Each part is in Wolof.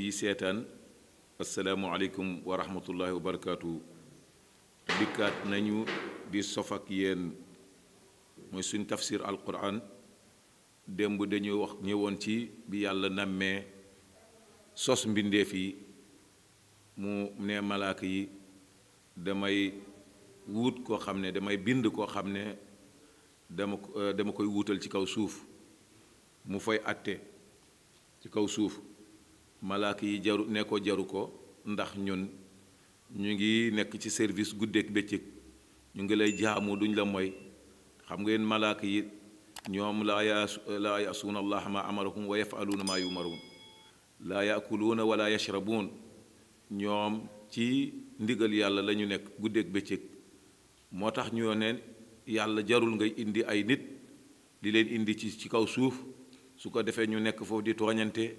yi seetaan asalaamualeykum wa rahmatullahi wa barakaatu dikkaat nañu di sof ak yéen mooy suñ tafsir alquran démb dañuy wax ñëwoon ci bi yàlla nammee sos mbindeef yi mu ne malaaka yi damay wuut koo xam ne damay bind koo xam ne dama dama koy wuutal ci kaw suuf mu fay atte ci kaw suuf malaaka yi jaru ne ko jaru ko ndax ñun ñu ngi nekk ci service guddeeg bëccëg ñu ngi lay jaamu duñ la moy xam ngeen malaaka yi ñoom la yaas laa yaasuuna allaha ma amarahum wa yafaluuna maa yumaruun laa yaakuluuna wala yashrabuun ñoom ci ndigal yàlla la ñu nekk guddeeg bëccëg moo tax ñu neen yàlla jarul ngay indi ay nit di leen indi ci ci kaw suuf su ko defee ñu nekk foofu di tooñante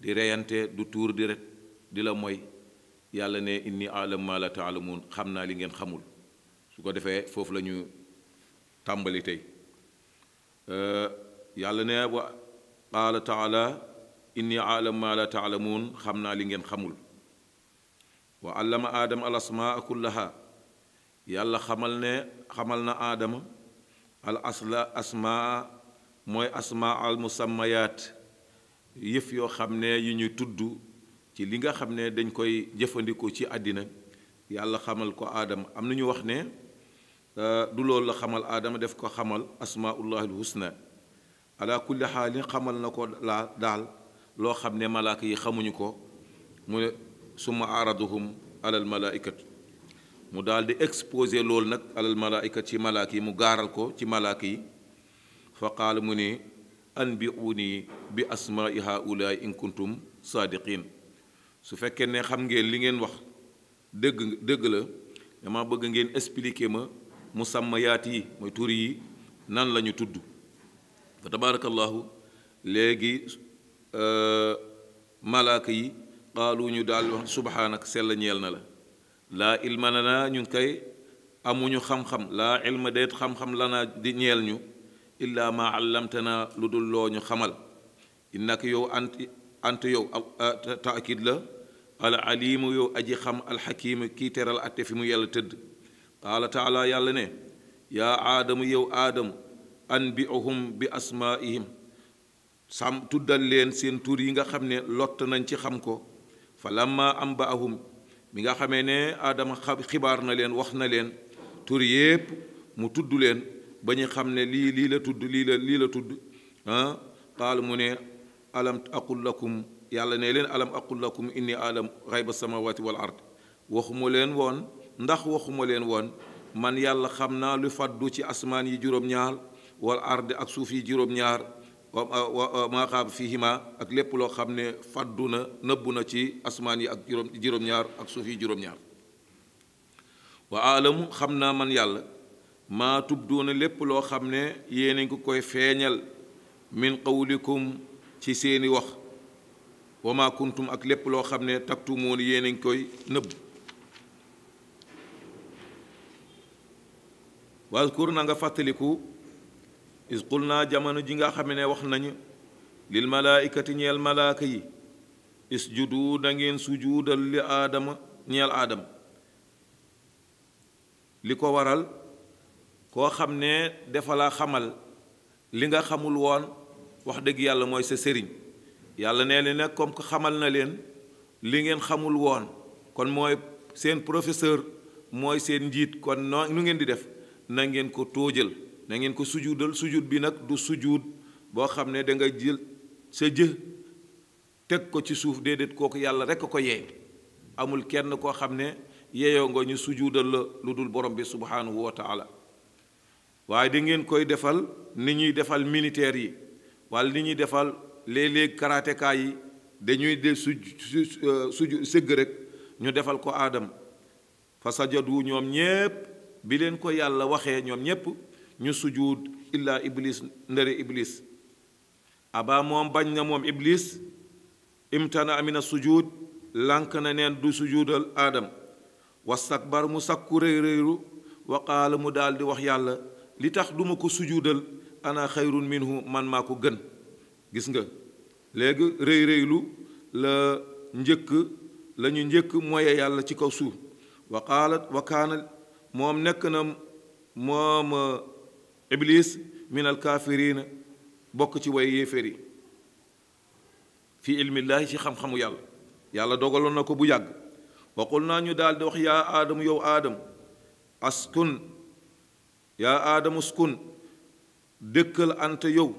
di reyante du tuur di ret di la mooy yàlla ne inni alam ma la taalamuun xam naa li ngeen xamul su ko defee foofu la ñu tàmbali tey yàlla ne wa qaala taala inni alam ma la taalamuun xam naa li ngeen xamul wa allama aadama al asmaa kullaha yàlla xamal ne xamal na aadama al asla asmaa mooy asmaa al musammayaat yëf yoo xam ne yu ñu tudd ci li nga xam ne dañ koy jëfandikoo ci àddina yàlla xamal ko aadama am na ñu wax ne euh, du loolu la xamal aadama def ko xamal asmaullahil husna ala kulli xaalin xamal na ko laa daal loo xam ne malaaka yi xamuñu ko mu ne suma aaraduhum alal malaaikatu mu daal di exposé loolu nag alal malaaika ci malaaka yi mu gaaral ko ci malaaka yi fa qaal mu ne anbi'uni bi asmaa'i haa'ulaa'i in kuntum saadiqiin su fekkee ne xam ngeen li ngeen wax dëgg dëgg la dama bëgg ngeen expliquer ma musammayaat yi mooy tur yi nan lañu tudd fa tabaarakallaahu léegi euh, malaaka yi qaalu ñu daal wax subhaanak sell ñeel na la laa ilma lanaa ñun kay amuñu xam-xam laa ilma deet xam-xam lanaa di ñeel ñu illaa maa allamtanaa lu dul loo ñu xamal innaka yow ant ant yow taakid la al alimu yow aji xam alxakimu kii teral atte fi mu yàlla tëdd qaala taala yàlla ne yaa aadamu yow aadamu anbiuhum bi asmaihim sam tuddal leen seen tur yi nga xam ne lott nañ ci xam ko fa lamma ambaahum mi nga xamee ne aadama xibaar na leen wax na leen tur yépp mu tudd leen ba ñu xam ne lii lii la tudd lii la lii la tudd ah qaal mu alam aqul lakum yàlla ne leen alam aqul lakum inni alam xayba samawati wal ard waxuma leen woon ndax waxuma leen woon man yàlla xam naa lu faddu ci asmaan yi juróom-ñaar wal ard ak suuf yi juróom-ñaar maa xaab fihima ak lépp loo xam ne faddu ci asmaan yi ak juróom juróom-ñaar ak suuf yi juróom-ñaar wa alamu xam man yàlla maa tubduuna lépp loo xam ne yéen a ngi koy feeñal min ci seeni wax wa maa kuntum ak lépp loo xam ne taktumuun yéen a ngi koy nëbb waskur na nga fàttaliku is naa jamono ji nga xam ne wax nañu lil malaaykati ñeel malaaka yi isjudu da ngeen sujuudal li aadama ñeel aadama li ko waral koo xam ne dafa la xamal li nga xamul woon wax dëgg yàlla mooy sa sëriñ yàlla nee na nag comme que xamal na leen li ngeen xamul woon kon mooy seen professeur mooy seen njiit kon noo nu ngeen di def na ngeen ko tóojal na ngeen ko sujuudal sujuud bi nag du sujuud boo xam ne danga jël sa jë teg ko ci suuf déedéet kooku yàlla rek ko yee amul kenn koo xam ne yeyoo nga ñu sujuudal la lu dul borom bi subhaanahu wa taala waaye da ngeen koy defal ni ñuy defal militaire yi walla ni ñuy defal léeg-léeg karatéka yi dañuy de su suju sëgg rek ñu defal ko aadam fa sajadu ñoom ñépp bi leen ko yàlla waxee ñoom ñépp ñu sujuud illa iblis ndare iblis aba moom bañ na moom iblis imtana amina sujuud lànk na neen du sujuudal aadam wastakbar mu sakku réy réyru waqaala mu daal di wax yàlla li tax duma ko sujuudal ana xayrun minhu man maa ko gën gis nga léegi rëy rëylu la njëkk la ñu njëkk moye yàlla ci kaw suuf wa qaalat moom nekk na moom euh, iblis min alkaafirina bokk ci way yéeféer yi fi ilmillaahi ci xam-xamu yàlla yàlla dogaloon na ko bu yàgg wa qul naa ñu daal wax yaa aadamu yow aadamu askun yaa aadama uskun dëkkal anta yow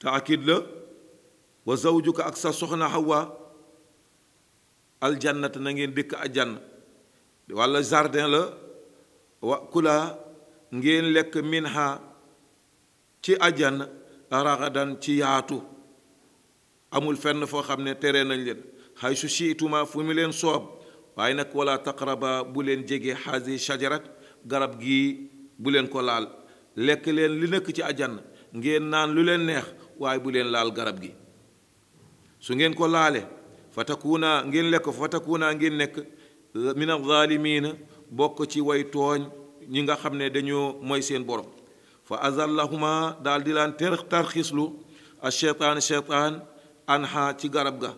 taakid la wa zawjuka ak sa soxna aljanat aljannata na ngeen dëkk aljanna walla jardin la wa kula ngeen lekk minha ci aljanna raxadan ci yaatu amul fenn foo xam ne tere nañ leen xay su siituma fu mu leen soob waaye nag wala taqraba bu leen jege xaasi shajarat garab gii bu leen ko laal lekk leen li nekk ci àjjan ngeen naan lu leen neex waaye bu leen laal garab gi su ngeen ko laale fa takuuna ngeen lekk fa takuuna ngeen nekk eh, min azaalimiina bokk ci way tooñ ñi nga xam ne dañoo mooy seen borom fa azallahuma daal di laan ter tarxislu a cheytaan cheytaan anha ci garab ga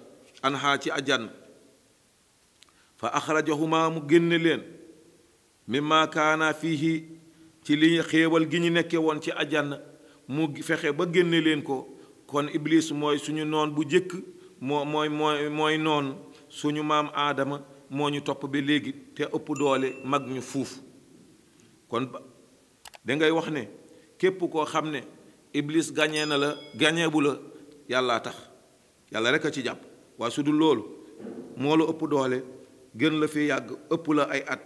anha ci àjjan fa axrajahuma mu génne leen mimma fii fiihi ci li xéewal gi ñu nekke woon ci àjjana mu fexe ba génne leen ko kon iblis mooy suñu noon bu jëkk moo mooy mooy mooy noon suñu maam aadama moo ñu topp bi léegi te ëpp doole mag ñu fuuf kon da ngay wax ne képp koo xam ne iblis gañe na la gañee bu la yàllaa tax yàlla rek a ci jàpp waaye su dul loolu moo la ëpp doole gën la fi yàgg ëpp la ay at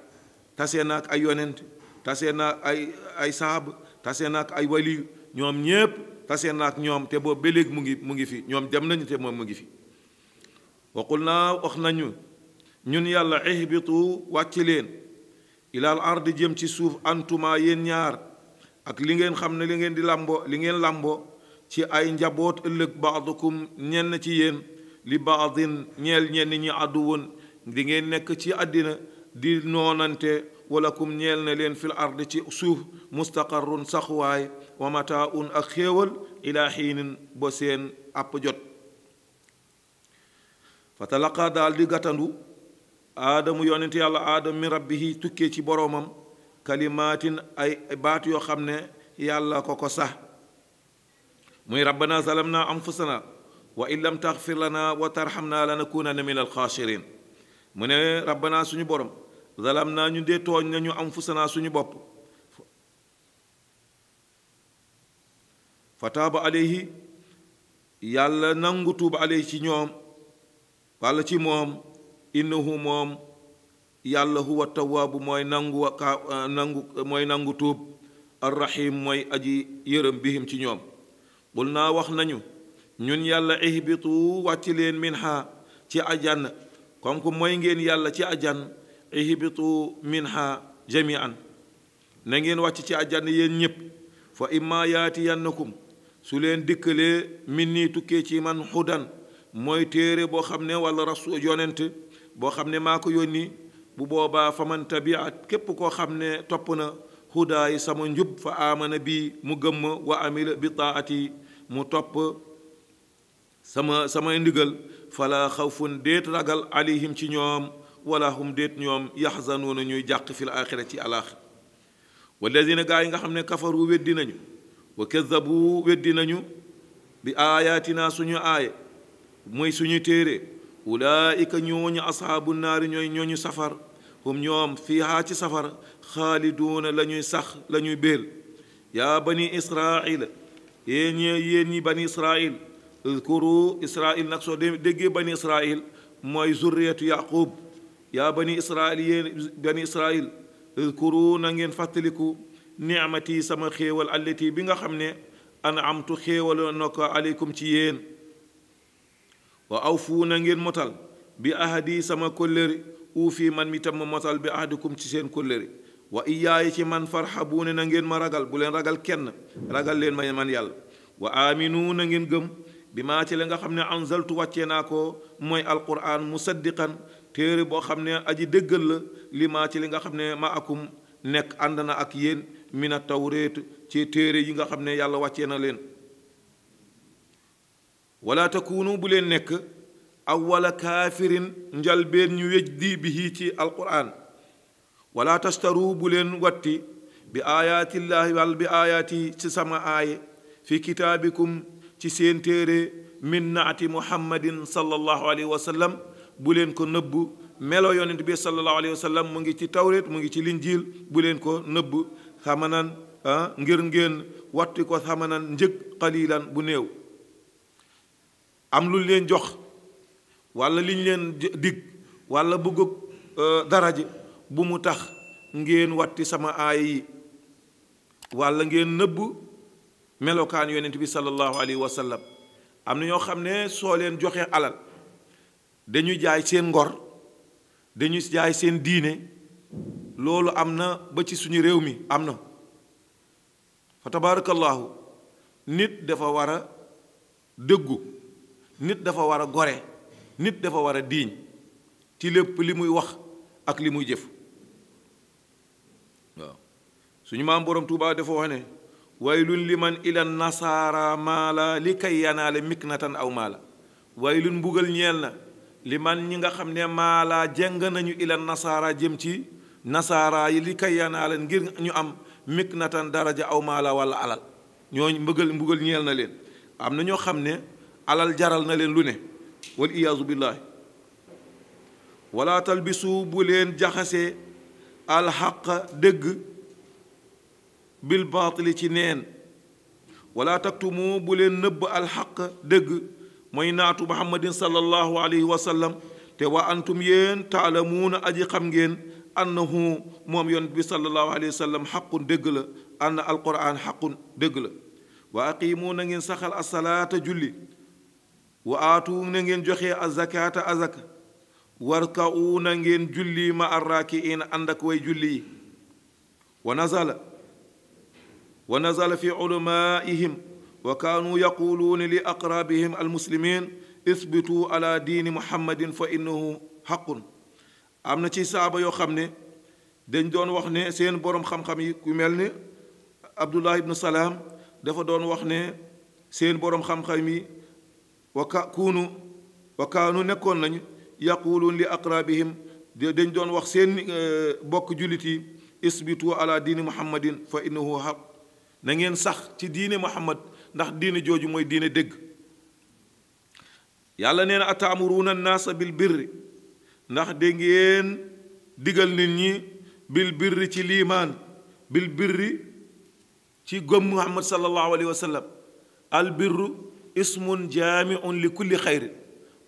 tasee na ak ay yonent tasee na ay ay saab tase na ak ay waliyu ñoom ñépp tasee na ak ñoom te boobu ba mu ngi mu ngi fi ñoom dem nañu te moom mu ngi fi waqul naa wax nañu ñun yàlla ihbitu wàcc leen ilaal ard jëm ci suuf antuma yéen ñaar ak li ngeen xam ne li ngeen di làmbo li ngeen làmbo ci ay njaboot ëllëg baadukum ñenn ci yéen li baadin ñeel ñenn ñi àddu woon di ngeen nekk ci àddina di noonante walakum ñeel na leen fil ard ci suuf mustaqarrun saxuwaay wa mataaun ak xéewal ilaa xiinin ba seen àpp jot fa talaqa daal gàttandu aadamu yonent yàlla aadam mi rabbihi tukkee ci boroomam kalimaatin ay baat yoo xam ne yàlla ko ko sax muy rabbana zalamna anfusana wa in lam taxfir lana wa tarxamna min alxaasiriin mu ne rabbana suñu borom zalam naa ñu dee tooñ nañu am fusanaa suñu bopp fataaba yi yàlla nangu tuuba aleyhi ci ñoom walla ci moom innahu moom yàlla huwa tawaabu mooy nangu ka nangu mooy nangu tuub arrahim mooy aji yërëm bihim ci ñoom qul naa wax nañu ñun yàlla ihbitu wàcc leen minha ci ajan comme que mooy ngeen yàlla ci ajan ihbitu minha jamian na ngeen wàcc ci àjjan yéen ñépp fa imma yaatiyannakum su leen dikkalee min nii tukkee ci man xudan mooy téere boo xam ne wala rasul yonent boo xam ne maa ko yónni bu boobaa fa man tabiat képp koo xam ne topp na xudaa sama njub fa aamana bi mu gëmm wa amila bi taati mu topp sama samay ndigal fala xawfun déet ragal aleyhim ci ñoom wala hum déet ñoom yaxzanuuna ñuy jàq fil axira ci alaaxira walladina gaa yi nga xam ne kafaru weddi nañu wa kazabu weddi nañu bi suñu aaye mooy suñu téere ulaayika ñooñu asxaabu naari ñooy ñooñu safar hum ñoom fiihaa ci safara xaaliduuna la ñuy sax lañuy ñuy béel yaa bani israila yéen ñi yéen ñi اذكروا اسرائيل نقصو دغي بني اسرائيل موي ذريه يعقوب يا بني اسرائيل بني اسرائيل اذكروا نانين فاتليكو نعمتي سما خيوال التي بيغا خمنه انعمت خيوال نك عليكم تي واوفوا نانين متال بعهدي سما كولري وفي من متم متال بعهدكم تي سين كولري واياي تي من فرحبون نانين ما راغال بولين راغال كين راغال لين ما يمان يال وامنون نانين گم bi maa ci la nga xam ne anzaltu wàcce naa ko mooy alquran musaddiqan téere boo xam ne aji dëggal la li maa ci li nga xam ne ma akum nekk ànd na ak yéen mina tawreet ci téere yi nga xam ne yàlla wàccee na leen wala takunu bu leen nekk awwala kaafirin njalbeen ñu wej di bu leen watti bi aayatillaahi wal bi aayaati ci sama aaye fi kitaabikum ci seen téere min naati muhammadin sallallahu alayhi wa sallam bu leen ko nëbb melo yonent bi sallallahu alayhi wa mu ngi ci tawreet mu ngi ci linjiil bu leen ko nëbb samanan ngir ngeen watti ko samanan njëg qalilan bu néew am lu leen jox wala liñ leen dig wala bëggug e, daraje bu mu tax ngeen watti sama aaya yi wala ngeen nëbb melokaan yonent bi sallallahu alayhi wa sallam am na ñoo xam ne soo leen joxee alal dañuy jaay seen ngor dañuy jaay seen diine loolu am na ba ci suñu réew mi am na fa tabarakallahu nit dafa war a dëggu nit dafa war a gore nit dafa war a diiñ ci lépp li muy wax ak li muy jëf waaw suñu maam borom Tuubaa dafa wax ne waylun liman ilan nasaara maala li kay yanaale miknatan aw maala waylun mbugal ñeel na liman ñi nga xam ne maala jeng nañu ilan nasaara jëm ci nasaara yi li kay yanaale ngir ñu am miknatan daraja aw maala wala alal ñooñ mbugal mbugal ñeel na leen am na ñoo xam ne alal jaral na leen lu ne wal iyaazu billaahi wala talbisu bu leen jaxase alxaq dëgg bil baatili ci neen wala taktumu bu leen nëbb alxaq dëgg mooy naatu muhammadin sallallahu alayhi wa sallam te waa antum yéen taalamuuna aji xam ngeen annahu moom yoon bi sallallahu alayhi wa sallam xaqun dëgg la ann alquran xaqun dëgg la wa aqimu na ngeen saxal asalaata julli wa aatu na ngeen joxe azakaata azaka warka'u na ngeen julli ma arraakiina ànd ak way julli yi wa nazala ونزل في علمائهم وكانوا يقولون لأقرابهم المسلمين اثبتوا على دين محمد فإنه حق أمنا تي سابا يو خمني دن دون وخني سين بورم خم خمي كوميلني عبد الله بن سلام دفا دون وخني سين بورم خم خمي وكونوا وكانوا نكون لن يقولون لأقرابهم دن دون وخ سين بوك جولتي اثبتوا على دين محمد فإنه حق nangeen sax ci diine muhammad ndax diine jooju mooy diine dégg yàlla nee na ataamuruuna naasa bil birri ndax da digal nit ñi bil birri ci liimaan bil birri ci gëm muhammad sallallahu alayhi wa sallam ismun jaamiun li kulli xayri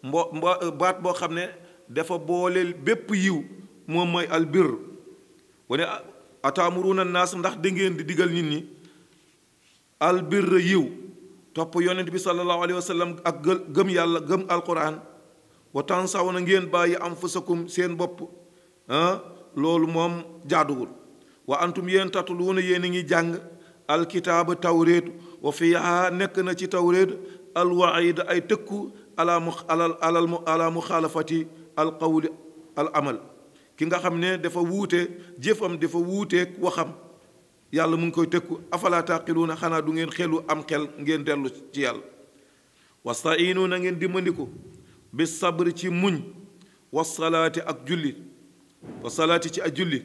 mbo mbo baat boo xam ne dafa boole bépp yiw moom mooy al birr wane ataamuruuna naas ndax da di digal nit ñi albirra yiw topp yonent bi sallallahu alayhi wa ak gëm yàlla gëm alquran wa tansaw na ngeen bàyyi am anfusakum seen bopp ah, loolu moom jaaduwul wa antum yéen tatluuna yéen a ngi jàng alkitaaba tawréet wa fiihaa nekk na ci tawréet alwaid ay tëkku ala mu ala mu ala muxaalafati alqawli al amal ki nga xam ne dafa wuute jëfam dafa wuuteeg waxam yàlla mu ngi koy tëkku afala na xanaa du ngeen xelu am xel ngeen dellu ci yàlla wastainu na ngeen dimbandiku bi sabri ci muñ wasalaati ak julli wasalaati ci ak julli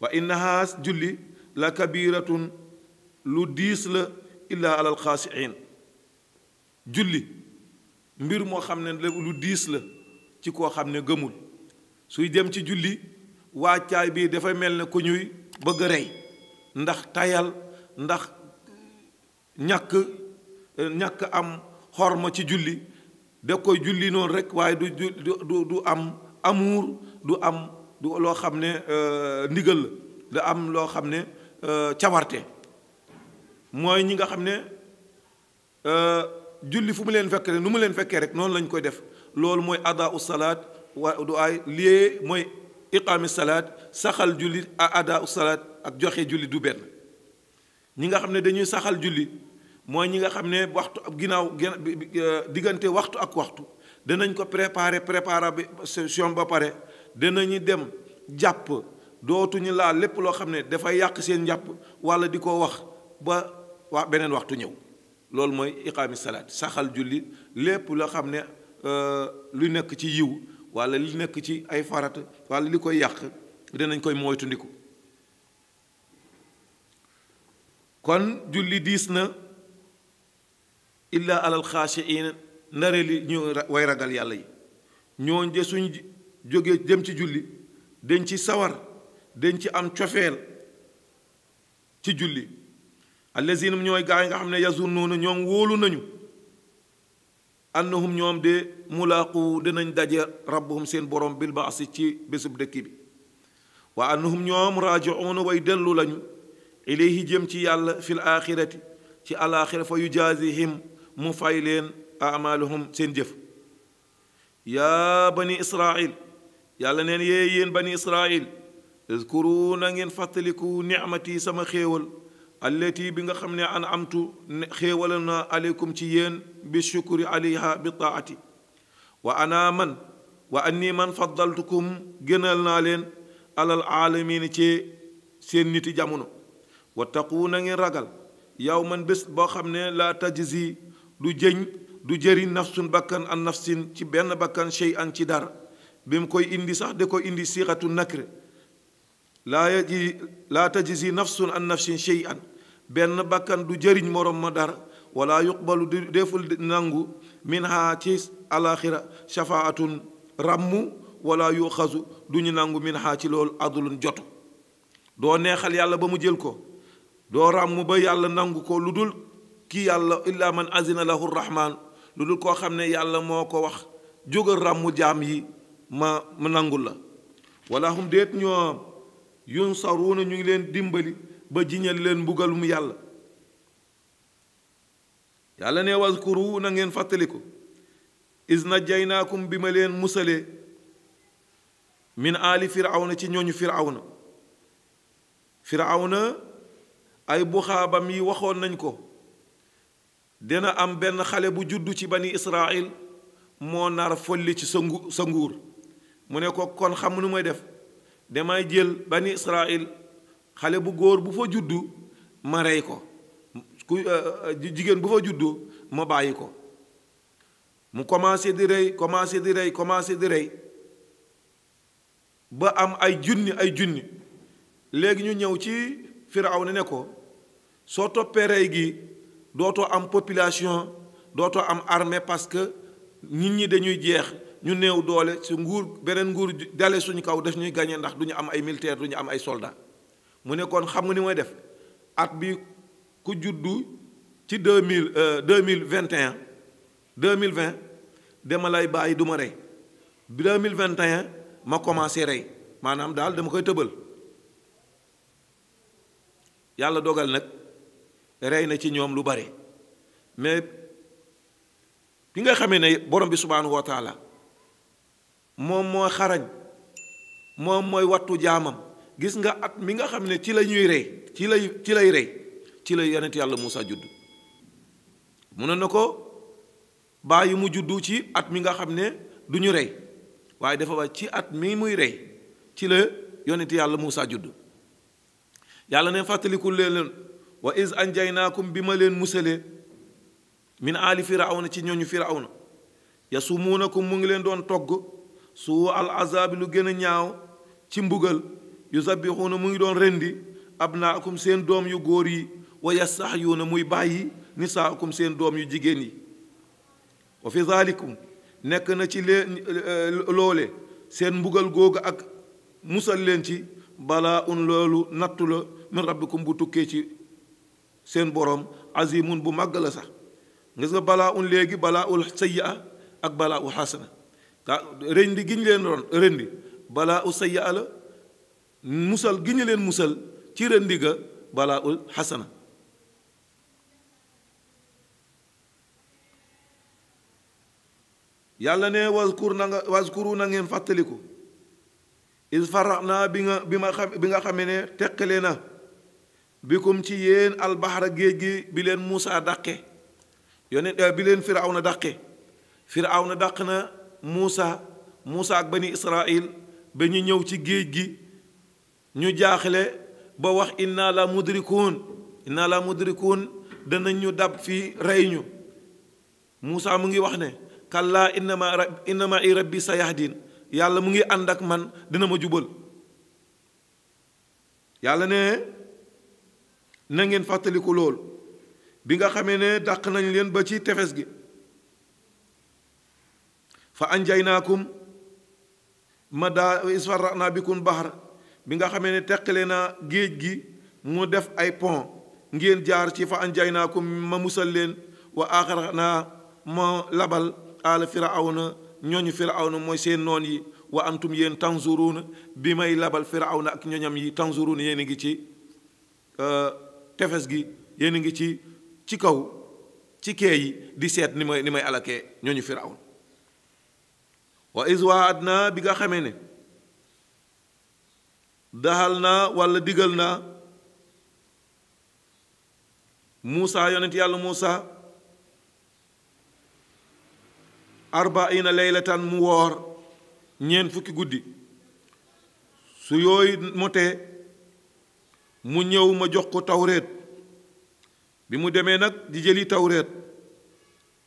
wa innaha julli la kabiratun lu diis la illaa alal xaasiin julli mbir moo xam ne lu diis la ci koo xam ne gëmul suy dem ci julli wàccaay bi dafay mel ne ku ñuy bëgg a rey ndax tayal ndax ñàkk eh, ñàkk am xorma ci julli da koy julli noonu rek waaye du du du am amuur du am loo xam ne euh, ndigal la da am loo xam ne euh, cawarte mooy ñi nga xam ne euh, julli fu mu leen fekk rek nu mu leen fekkee rek noonu lañ koy def loolu mooy adaa u salaat wa du ay lii mooy iqaami salaat saxal julli adaa u salaat ak joxe julli du benn ñi nga xam ne dañuy saxal julli mooy ñi nga xam ne waxtu ab ginnaaw euh, diggante waxtu ak waxtu danañ ko préparer préparation ba pare danañu dem jàpp dootuñu laa lépp loo xam ne dafay yàq seen jàpp walla di ko wax ba waa beneen waxtu ñëw loolu mooy iqaami salaat saxal julli lépp loo xam ne euh, lu nekk ci yiw walla li nekk ci ay farata walla li koy yàq danañ koy moytu kon julli diis na illaa alal xaashiin nare li ñu way ragal yàlla yi ñooñ de suñ jógee dem ci julli dañ ci sawar dañ ci am cofeel ci julli allazina ñooy gaa yi nga xam ne yazunnuuna ñoom wóolu nañu annahum ñoom de mulaaqu dinañ daje rabbuhum seen borom bil baasi ci bésub dëkk bi waa annahum ñoom raajiuuna way dellu lañu ilayhi jëm ci yàlla fil aaxirati ci alaaxira fa yujaazihim mu fay leen amaaluhum seen jëf yaa bani israil yàlla neen yee yéen bani israil uzkuru na ngeen fàttaliku nicmati sama xéewal allati bi nga xam ne an amtu xéewal na aleykum ci yéen bi shukri alayha bi taati wa ana man wa anni man faddaltukum gënal naa leen alal aalamin ci seen niti jamono wattaqu na ngeen ragal yow man bés boo xam ne laa tajzi du jëñ du jëri nafsun bakkan an nafsin ci benn bàkkan shay an ci dara bi mu koy indi sax da ko indi siixatu nakre laa yaji laa tajzi nafsun an nafsin shay an benn bàkkan du jëriñ morom ma dara wala yuqbalu deful nangu minha ci alaxira shafaatun ràmm wala yuxasu du ñu nangu minha ci loolu adulun jotu doo neexal yàlla ba mu jël ko doo ràmm ba yàlla nangu ko lu dul kii yàlla illa man azina lahu rahmaan lu dul koo xam ne yàlla moo ko wax jógal ràmmu jaam yi ma ma nangul la wala hum déet ñoo yunsaruuna ñu leen dimbali ba jiñal leen mbugalum yàlla yàlla ne waskuru na ngeen fàttaliku is najaynaakum bi ma leen musalee min aali firawna ci ñooñu firawna firawna ay buxaabam yi waxoon nañ ko dina am benn xale bu juddu ci bani israil moo nar folli ci sa ngu nguur mu ne ko kon xam nu may def damay jël bani israil xale bu góor bu fa juddu ma rey ko ku euh, euh, jigéen bu fa juddu ma bàyyi ko mu commencé di rey commencé di rey commencé di rey ba am ay junni ay junni léegi ñu ñëw ci Firawna ne ko soo toppee rey gi population dootoo am armée parce que nit ñi dañuy jeex ñu néew doole nous nguur beneen nguur dale suñu kaw daf ñuy gañe ndax duñu am ay militaire am ni def at bi ku ci euh, lay ma rey ma commencé dama koy dogal rey na ci ñoom lu bari mais bi nga xamee ne borom bi subhaanahu wa taala moom mooy xarañ moom mooy wattu jaamam gis nga at mi nga xam ne ci la ñuy rey ci lay ci lay rey ci la yonent yàlla Muusa judd mu na ko bàyyi mu juddu ci at mi nga xam ne du rey waaye dafa ci at mi muy rey ci la yàlla Muusa judd leen wa iz anjaynaakum bi ma leen musalee min aali na ci ñooñu firawna yasumuunakum mu ngi leen doon togg suu al azaabi lu gën a ñaaw ci mbugal yu yusabbixuuna mu ngi doon rendi abnaakum seen doom yu góor yi waya wa yastaxyuuna muy bàyyi nisaakum seen doom yu jigéen yi wa fi zaalikum nekk na ci leen eh, loole seen mbugal googu ak musal leen ci bala un loolu nattu la min rabbikum bu tukkee ci seen boroom azimun bu màgg la sax ngis nga balaa un léegi balaa ul sayyi'a ak balaa u xasana kaa rëndi gi ñu leen doon rëndi balaa u sayyi'a la musal gi ñu leen musal ci rëndi ga balaa ul xasana yàlla ne waskur na waskuru na ngeen fàttaliku is farax naa bi nga bi ma xam bi nga xamee ne teqale na bikum ci yéen albaxara géej gi bi leen Muusa dàqe yonent euh, bi leen Firawna dàqe Firawna dàq na Muusa Muusa ak bani Israil ba ñu ñëw ci géej gi ñu jaaxle ba wax inna la mudrikuun inna la mudrikuun danañ ñu dab fii rey ñu Muusa mu ngi wax ne kallaa innama innama i rabbi sa yahdin yàlla mu ngi ànd ak man dina ma jubal yàlla ne na ngeen fàttaliku loolu bi nga xamee ne dàq nañ leen ba ci tefes gi fa anjaynaakum ma daa isfara naa bikum bahar bi nga xamee ne teqale naa géej gi mu def ay pont ngeen jaar ci fa anjaynaakum ma musal leen wa aaxara naa ma labal aala firawna ñooñu firawna mooy seen noon yi wa antum yéen tanzuruuna bi may labal na ak ñoñam yi tanzuruuna yéen a ngi ci euh, tefes gi yéen a ngi ci ci kaw ci kee yi di seet ni may ni may alakee ñooñu firawn wa iswaat naa bi nga xamee ne daxal naa walla digal naa muusa yonent yàlla muusa arbaina leylatan mu woor ñeent fukki guddi su yooyu motee mu ñëw ma jox ko tawreet bi mu demee nag di jëli tawreet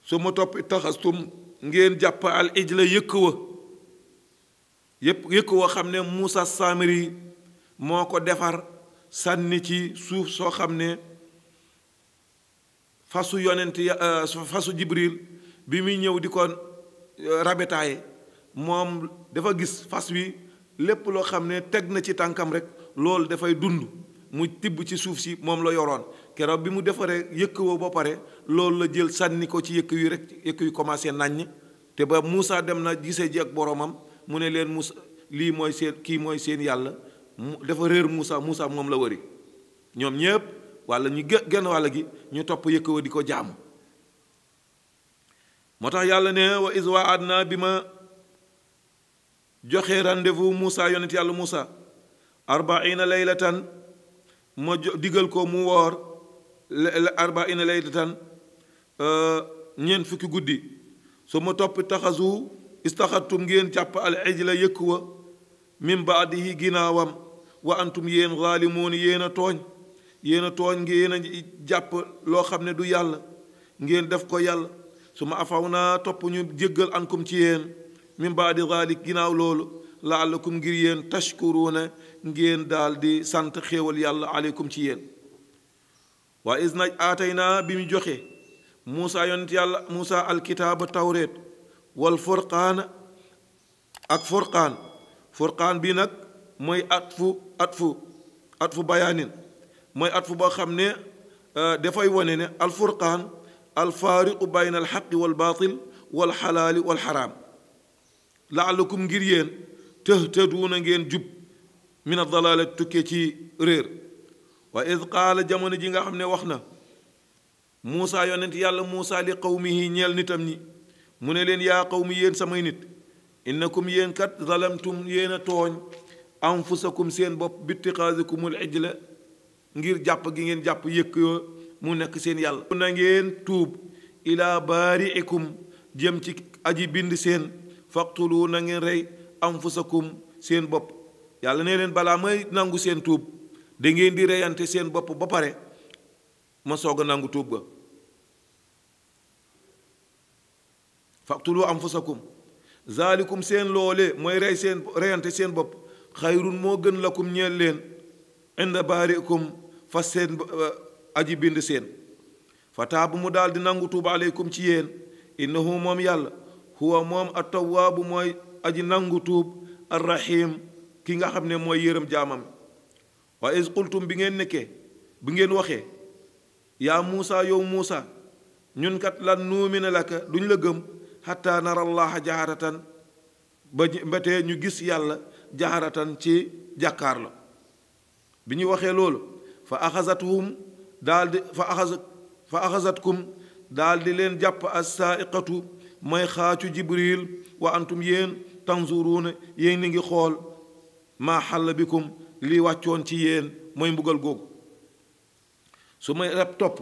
su ma topp taxastum ngeen jàpp al ijla yëkk wa yëpp yëkk wa xam ne Muusa Samiri moo ko defar sànni ci suuf soo xam ne fasu yonent ya euh, fasu Jibril bi muy ñëw di ko euh, rabetaaye moom dafa gis fas wi lépp loo xam ne teg na ci tànkam rek loolu dafay dund mu tibb ci suuf si moom la yoroon keroog bi mu defaree yëkk woo ba pare loolu la jël sànni ko ci yëkk wi rek yëkk yu commencé naññ te ba Moussa dem na gisee ji ak boromam mu ne leen Moussa lii mooy seen kii mooy seen yàlla mu dafa réer Moussa Moussa moom la wëri ñoom ñëpp walla ñu genn wàll gi ñu topp yëkk woo di ko jaamu moo tax yàlla ne wa waa adna bi ma joxe rendez-vous Moussa yonent yàlla musaa Moussa arbaina laylatan mo digal ko mu woor arba ina leyde tan euh, ñeen fukki guddi so mo toppi taxasu istaxadtum ngeen càpp al ijla yëkku wa min baadihi ginaawam wa antum yeen xaalimuuni yéen a tooñ yéen a tooñ ngeen a jàpp loo xam ne du yàlla ngeen def ko yàlla su ma afaw naa topp ñu jëggal ankum ci yéen min baadi xaalik ginaaw loolu laalakum ngir yéen tashkuruuna ngeen daal di sant xéewal yàlla aleykum ci yéen waa is naj aataynaa bi mu joxe muusa yonent yàlla muusa alkitaaba tawreet wal furqaana ak furqaan furqaan bi nag mooy at fu at fu at fu bayaanin mooy at fu wone ne al furqaan al faariqu bayna al xaqi wal batil wal xalaali wal haram laalakum ngir yéen tëhtëduuna ngeen jub min adalaala tukkee ci réer wa id qaala jamono ji nga xam ne wax na muusa yonent yàlla muusa li qawmihi ñeel nitam ñi mu ne leen yaa mi yéen samay nit innakum yéen kat zalamtum yéen a tooñ anfusakum seen bopp bittiqaasikumul ijla ngir jàpp gi ngeen jàpp yëkk yoo mu nekk seen yàlla na ngeen tuub ilaa baariikum jëm ci aji bind seen faqtulu na ngeen rey am anfusakum seen bopp yàlla nee leen balaa may nangu seen tuub da ngeen di reyante seen bopp ba pare ma soog a nangu tuub ga faqtulu anfusakum zaalikum seen loole mooy rey seen reyante seen bopp xayrun moo gën lakum ñeel leen inda baarikum fas seen eh, aji bind seen fataabu mu daldi nangu tuub aleykum ci yéen innahu moom yàlla huwa moom at tawwaabu mooy aji nangu tuub arrahim ki nga xam ne mooy yërëm jaamam waaye is qultum bi ngeen nekkee bi ngeen waxee yaa muusa yow muusa ñunkat kat lan nuumina laka duñ la gëm xataa narallaha jaharatan ba mbetee ñu gis yàlla jaharatan ci jàkkaar la bi ñuy waxee loolu fa axasathum daal di fa axas fa axasatkum daal di leen jàpp as saaiqatu mooy xaacu jibril wa antum yéen tanzuruuna yéen a ngi xool maa xàll bikum li wàccoon ci yéen mooy mbugal googu su may rab topp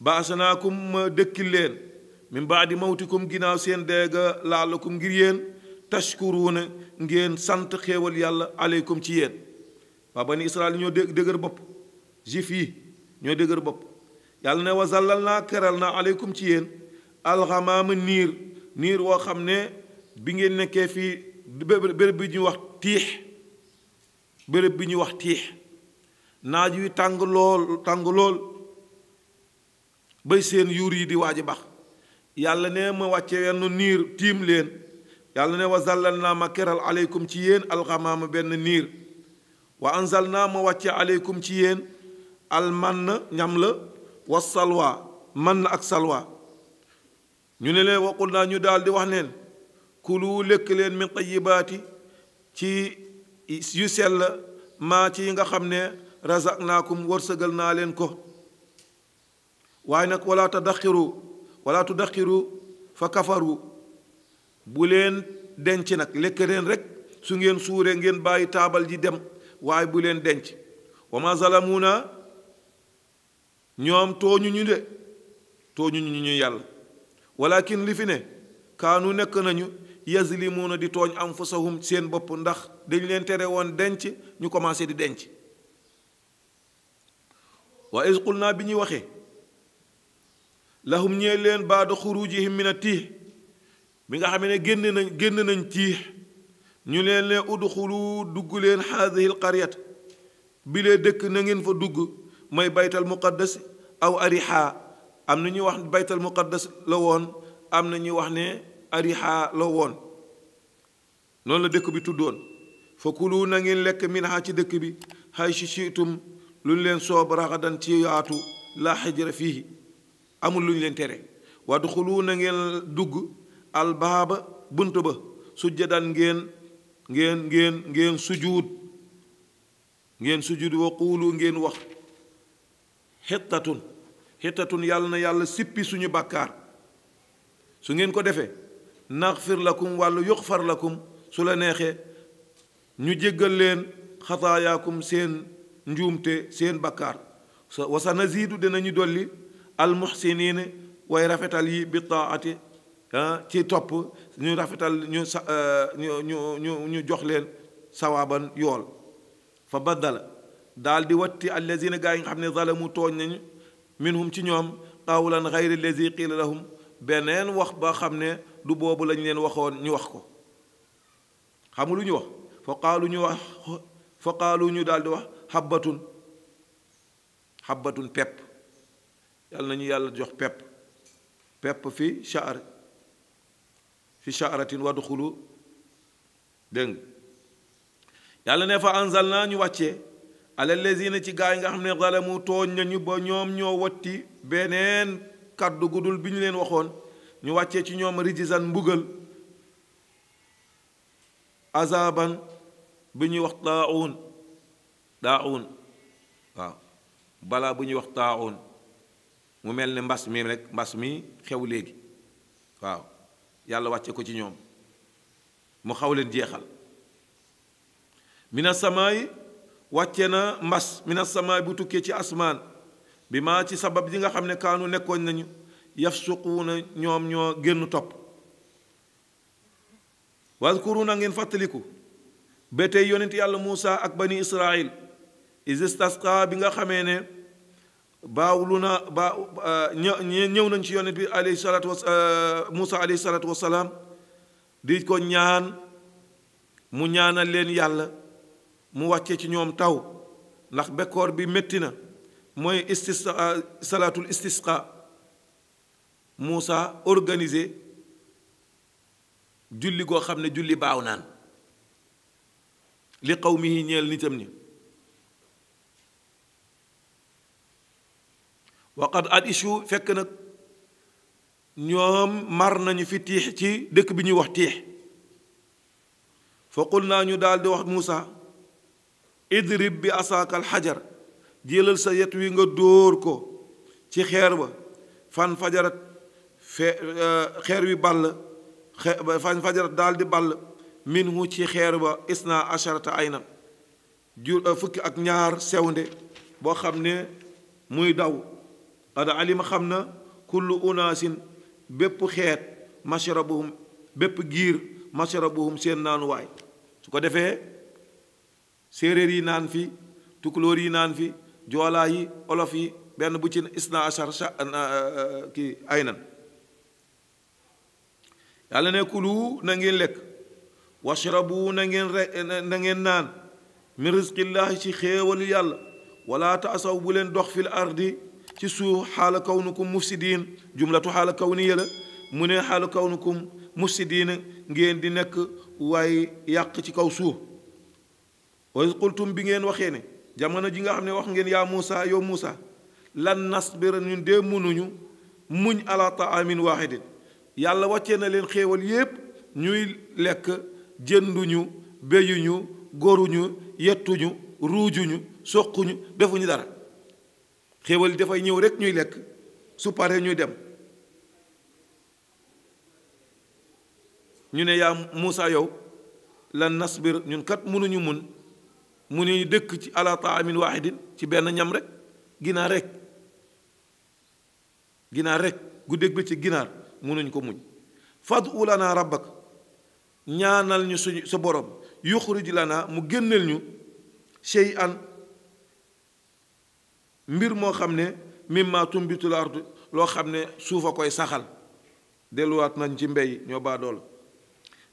baasanaakum ma dëkkil leen min baadi mawtikum ginnaaw seen deega laalakum ngir yéen tashkuruuna ngeen sant xéewal yàlla aleykum ci yéen waa bani israel ñoo dé dëgër bopp juif yi ñoo dëgër bopp yàlla ne wa naa keral naa aleykum ci yéen alxamaama niir niir woo xam ne bi ngeen nekkee fii bërëb bi ñuy wax tiix bërëb bi ñuy wax tiix naaj wi tàng lool tàng lool bay seen yuur yi di waaj bax yàlla ne ma wàcce wenn niir tiim leen yàlla ne wa zàllal naa ma keral aleykum ci yéen alxamaama benn niir wa anzal naa ma wàcce aleykum ci yéen almann ñam la wa salwa mann ak salwa ñu ne leen waqul naa ñu daldi wax neen kulu lekk leen min tayibaati ci yu sell maa ci yi nga xam ne naa razaqnaakum wërsëgal naa leen ko waaye nag wala tadaxiru wala tudaxiru fa kafaru bu leen denc nag lekk leen rekk su ngeen suure ngeen bàyyi taabal di dem waaye bu leen denc wa ma zalamuna ñoom tooñu ñu de tooñu ñu ñu yàlla walakin li fi ne kaanu nekk nañu yazlimuuna di tooñ anfusahum seen bopp ndax dañ leen tere woon denc ñu commencé di denc wa iz qulnaa bi ñuy waxee lahum ñee leen baada xurujihim min a tiix bi nga xam ne génn nañ génn nañ tiix ñu leen leen udxulu dugg leen haadihi alqaryat bi lee dëkk na ngeen fa dugg mooy baytal muqaddas aw ariha am na ñuy wax baytal muqaddas la woon am na ñuy wax ne ariha la woon noonu la dëkk bi tuddoon fa kulu ngeen lekk minha ci dëkk bi hay si siitum lu ñu leen soob raxadan ci yaatu la xijra fii amul lu ñu leen tere wadxulu na ngeen dugg albaaba bunt ba sujjadan ngeen ngeen ngeen ngeen sujuud ngeen sujuud wa quulu ngeen wax xittatun xittatun yàlla na yàlla sippi suñu bàkkaar su ngeen ko defee naxfir lakum wàllu yuxfar lakum su la neexee ñu jéggal leen xataayaakum seen njuumte seen bakkaar wa sa naziidu dinañu dolli almuxsiniin way rafetal yi bi taati ci topp ñu rafetal ñu sa ñu ñu ñu jox leen sawaaban yool fa baddala daal di watti allazina gaa yi nga xam ne zalamu tooñ nañu minhum ci ñoom qawlan gayri lazi qiila lahum beneen wax ba xam ne du boobu lañ leen waxoon ñu wax ko xam lu ñu wax fa qaalu ñu wax fa qaalu ñu daal di wax xabbatun xabbatun pepp yàlla ñu yàlla jox pepp pepp fi shaar fi shaaratin wadxulu dëng yàlla ne fa anzal naa ñu wàccee ala lazina ci gaa yi nga xam ne zalamu tooñ nañu ba ñoom ñoo watti beneen kàddu gudul bi ñu leen waxoon ñu wàccee ci ñoom rijisan mbugal azaban bi ñuy wax taaun taaun waaw balaa bu ñuy wax taaun mu mel ne mbas mi rek mbas mi xew léegi waaw yàlla wàcce ko ci ñoom mu xaw leen jeexal mina samaay wàcce na mbas mina samaay bu tukkee ci asmaan bi maa ci sabab yi nga xam ne kaanu nekkoon nañu yafsuquuna ñoom ñoo génn topp wadkuruuna ngeen fàttaliku ba tey yonent yàlla muusa ak bani israil istasqa bi nga xamee ne baawlu na ba ñëw nañ ci yonent bi alayhi salaatu wa muusa alayhi salaatu wasalaam di ko ñaan mu ñaanal leen yàlla mu wàcce ci ñoom taw ndax bekkoor bi metti na mooy istis salaatul istisqa Moussa organisé julli goo xam ne julli baaw naan li xaw mi ñeel nitam ñi waqad at ichu fekk nag ñoom mar nañu fi tiix ci dëkk bi ñuy wax tiix fa qul naa ñu daldi wax Moussa idrib bi asaakal xajar jëlal sa yet wi nga dóor ko ci xeer ba fan fajarat خير بي بال فاجر فاجر دال دي بال من هو تي خير با اسنا عشرة عينا جول فك اك نيار سيوندي بو خامني موي داو قد علم خامنا كل اناس بيب خير مشربهم بيب غير مشربهم سين نان واي سوكو ديفه سيرير يي نان في توكلور يي نان في جولا يي اولوف يي بن بوتي اسنا عشر كي عينن yàlla ne kulu na ngeen lekk washrabu na ngeen re naan min risqillaahi ci xéewalu yàlla wala taasaw bu leen dox fil ardi ci suuf xaala kawnukum mufsidiin jumlatu xaala kawniya la mu ne xaala kawnukum mufsidiin ngeen di nekk waaye yàq ci kaw suuf wa qultum bi ngeen waxee ne jamono ji nga xam ne wax ngeen yaa Muusa yow Muusa lan nasbira ñun dee mënuñu muñ ala taamin waaxidin yàlla wàccee na leen xéewal yépp ñuy lekk jënduñu béyuñu góoruñu yettuñu ruujuñu soquñu defuñu dara xéewal yi dafay ñëw rekk ñuy lekk su ñuy dem ñu ne yaa Muusa yow lan nasbir ñun kat mënuñu mun mu ne dëkk ci ala taamin waahidin ci benn ñam rek ginaar rek ginaar rek guddeeg bëccëg ginaar munuñ ko muñ fadu lana rabbak ñaanal ñu suñu sa borom yuxrij lana mu gennel ñu shay'an mbir mo xamne mimma tumbitul ardu loo xam ne suufa koy saxal wat nañ ci mbey ño ba dol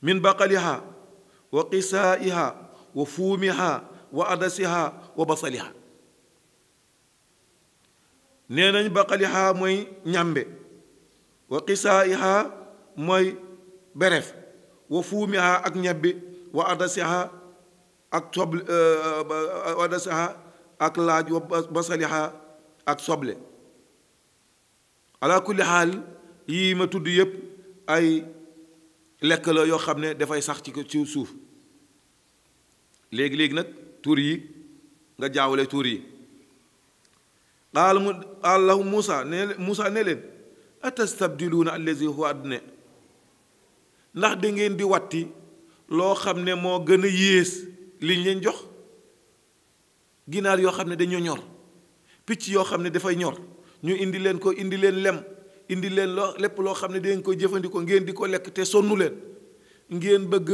min baqaliha wa qisaiha wa fumiha wa adasiha wa basaliha nenañ baqaliha moy ñàmbe وقسائها موي برف وفومها اك نيبي وادسها اك توبل وادسها آه، آه، آه، اك لاج وبصلها اك صبله على كل حال يي تود ييب اي لك لا يو خامني دا فاي صاح تي سي سوف ليك ليك نك تور يي غا جاولي تور يي قال الله موسى نيل موسى نيلن atastabdiluuna allazi huwa adna ndax da di watti loo xam ne moo gën a yées liñ leen jox ginaar yoo xam ne dañoo ñor picc yoo xam ne dafay ñor ñu indi leen ko indi leen lem indi leen loo lépp loo xam ne dangeen koy jëfandikoo ngeen di ko lekk sonnu leen ngeen bëgg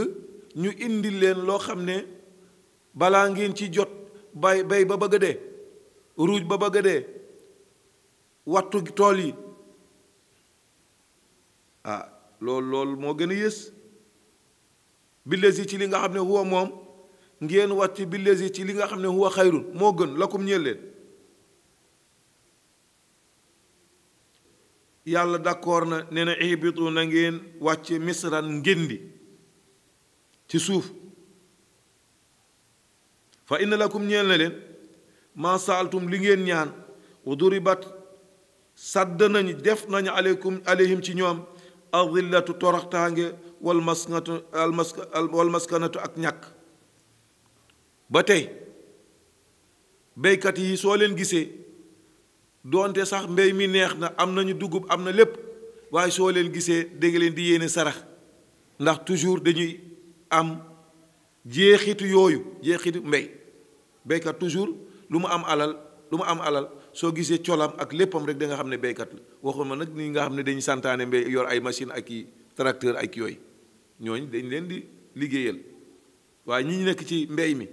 ñu indi leen loo xam ne balaa ngeen ci jot bay bay ba bëgg dee ruuj ba bëgg dee wattu tool yi ah loolu loolu moo gën a yées billesi ci li nga xam ne huwa moom ngeen wax ci billesi ci li nga xam ne huwa xayrun moo gën lakum ñeel leen yàlla d'accord na nee na ihbitu na ngeen wàcc misran ngéndi ci suuf fa inna lakum ñeel na leen maa li ngeen ñaan wa duribat sàdd nañu def nañu aleykum aleyhim ci ñoom adillatu toroxtaange wal maskanatu wal maskanatu ak ñàkk ba tey béykat yi soo leen gisee doonte sax mbéy mi neex na am nañu dugub am na lépp waaye soo leen gisee dégg leen di yéene sarax ndax toujours dañuy am jeexitu yooyu jeexitu mbéy béykat toujours lu mu am alal lu mu am alal soo gisee colaam ak léppam rek da nga xam ne béykat la waxuma nag nii nga xam ne dañu santaane mbéy yor ay machine ak i tracteur ak yooy ñooñ dañ leen di liggéeyal waaye ñi ñu nekk ci mbéy mi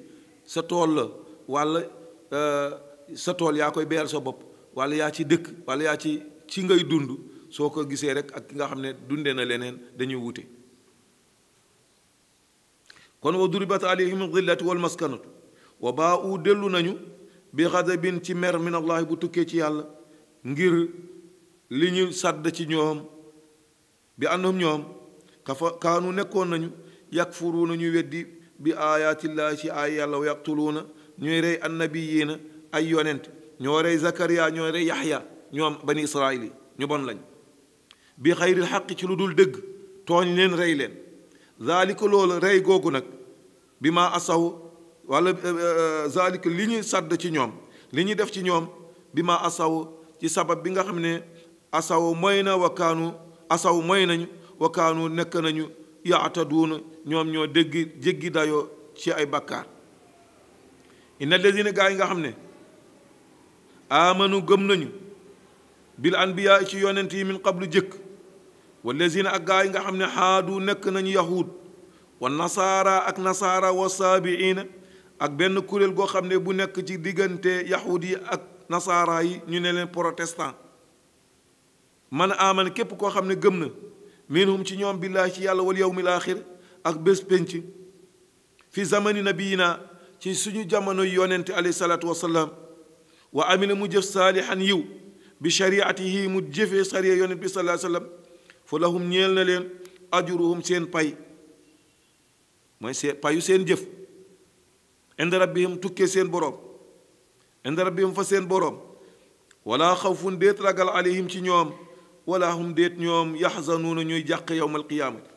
sa tool la walla euh, sa tool yaa koy béyal sa bopp walla yaa ci dëkk walla yaa ci ci ngay dund soo ko gisee rek ak ki nga xam ne dundee na leneen dañuy wute kon wa duribat alayhim dhillatu wal maskanatu wa baa u dellu nañu bi xadabin ci mer min allaahi bu tukkee ci yàlla ngir li ñu sàdd ci ñoom bi àndam ñoom kafa kaanu nekkoon nañu yakfuruuna ñu weddi bi aayaatillaahi ci aay yàlla wa yaqtuluuna ñooy rey annabiyiina ay yonent ñoo rey zakariya ñoo rey yaxya ñoom bani israil yi ñu bon lañ bi xayril xaq ci lu dul dëgg tooñ leen rey leen daalika loolu rey googu nag bi ma asaw wala euh, euh, zalik li ñu sàdd ci ñoom li ñuy def ci ñoom bi ma asaw ci sabab bi nga xam ne asaw moy na wakkaanu asaw mooy nañu wakkaanu nekk nañu yaataduuna ñoom ñoo dégg jéggi dayoo ci ay bakkaar inna lazina gaa yi nga xam ne amanu gëm nañu bil anbiya ci yonent yi min qablu jëkk wallazina ak gaa yi nga xam ne xaadu nekk nañu yahuud wa nasaara ak nasaara wa saabiina ak benn kuréel goo xam ne bu nekk ci diggante yahud ak nasaara yi ñu ne leen protestant man aman képp koo xam ne gëm na minhum ci ñoom billaahi ci yàlla wal yawmil aaxir ak bés pénc fi zamani nabiyina ci suñu jamono yonente alayhi salaatu wasalaam wa amila mu jëf saalihan yiw bi yi mu jëfee sariya yonent bi salaa sallam fa lahum ñeel na leen ajuruhum seen pay mooy seen payu seen jëf inda rabbihim tukkee seen boroom bi rabbihim fa seen boroom wala xaw déet ragal aleyhim ci ñoom wala hum déet ñoom yaxzanuuna ñuy jàq yowmal qiyaamati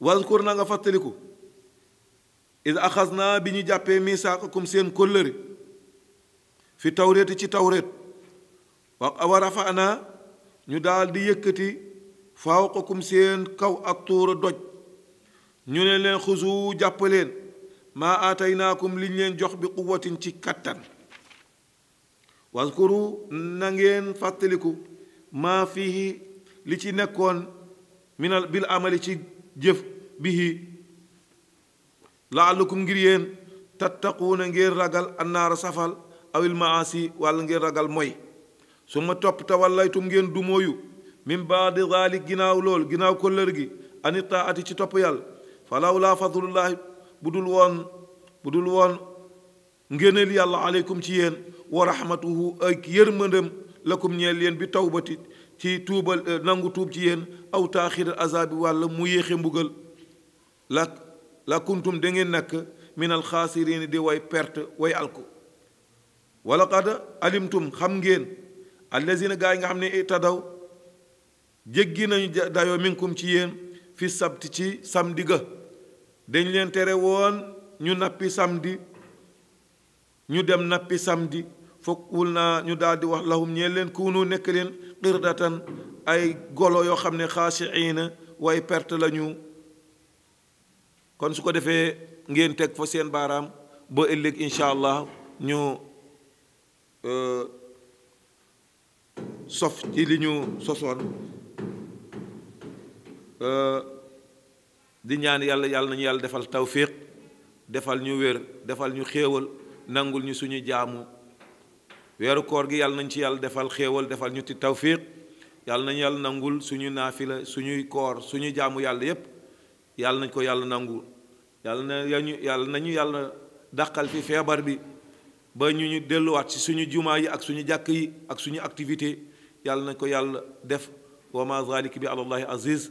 waskur na nga fàttaliku id axas naa bi ñu jàppee misaaqakum seen kóllëre fi tawreeti ci tawreet wax awa rafa naa ñu daldi di yëkkati fawqakum seen kaw ak tuura doj ñu ne leen xusu jàpp leen maa naa aataynaakum liñ leen jox bi quwatin ci kattan waskuru na ngeen fàttaliku maa fii li ci nekkoon minal bil amali ci jëf bihi laalukum ngir yéen tattaquuna ngeen ragal annaara safal awil maasi walla ngeen ragal mooy su ma topp tawallaytum ngeen dumóoyu min baadi zaalik ginnaaw lool ginnaaw kóllër gi ani taati ci topp yàlla falaw laa fadlullaahi bu dul woon bu dul woon ngéneel yàlla aleykum ci yeen wa rahmatuhu ak yërmandam lakum ñeel yéen bi tawbati ci tuubal euh, nangu tuub ci yéen aw taaxiral azabi wàlla mu yéexe mbugal la la kuntum da ngeen nekk min alxaasiriin di way perte way alku wala qad alimtum xam ngeen allazina gaa yi nga xam ne itadaw jéggi nañu dayo minkum ci yéen fi sabti ci samedi ga dañ leen tere woon ñu nappi samedi ñu dem nappi samedi fokkul naa ñu daal di wax lahum ñee leen kuunu nekk leen xirdatan ay golo yoo xam ne xaashiina way perte lañu kon su ko defee ngeen teg fa seen baaraam ba ëllëg incha allah ñu euh, sof ci li ñu sosoon euh, di ñaan yàlla yàlla nañu yàlla defal tawfiq defal ñu wér defal ñu xéewal nangul ñu suñu jaamu weeru koor gi yàlla nañ ci yàlla defal xéewal defal ñu ti tawfiq yàlla nañ yàlla nangul suñu naafila suñuy koor suñu jaamu yàlla yépp yàlla nañ ko yàlla nangul yàlla na yàlla nañu yàlla dàqal fi feebar bi ba ñu ñu delluwaat ci suñu juma yi ak suñu jàkk yi ak suñu activité yàlla nañ ko yàlla def wa ma zalik bi alallahi aziz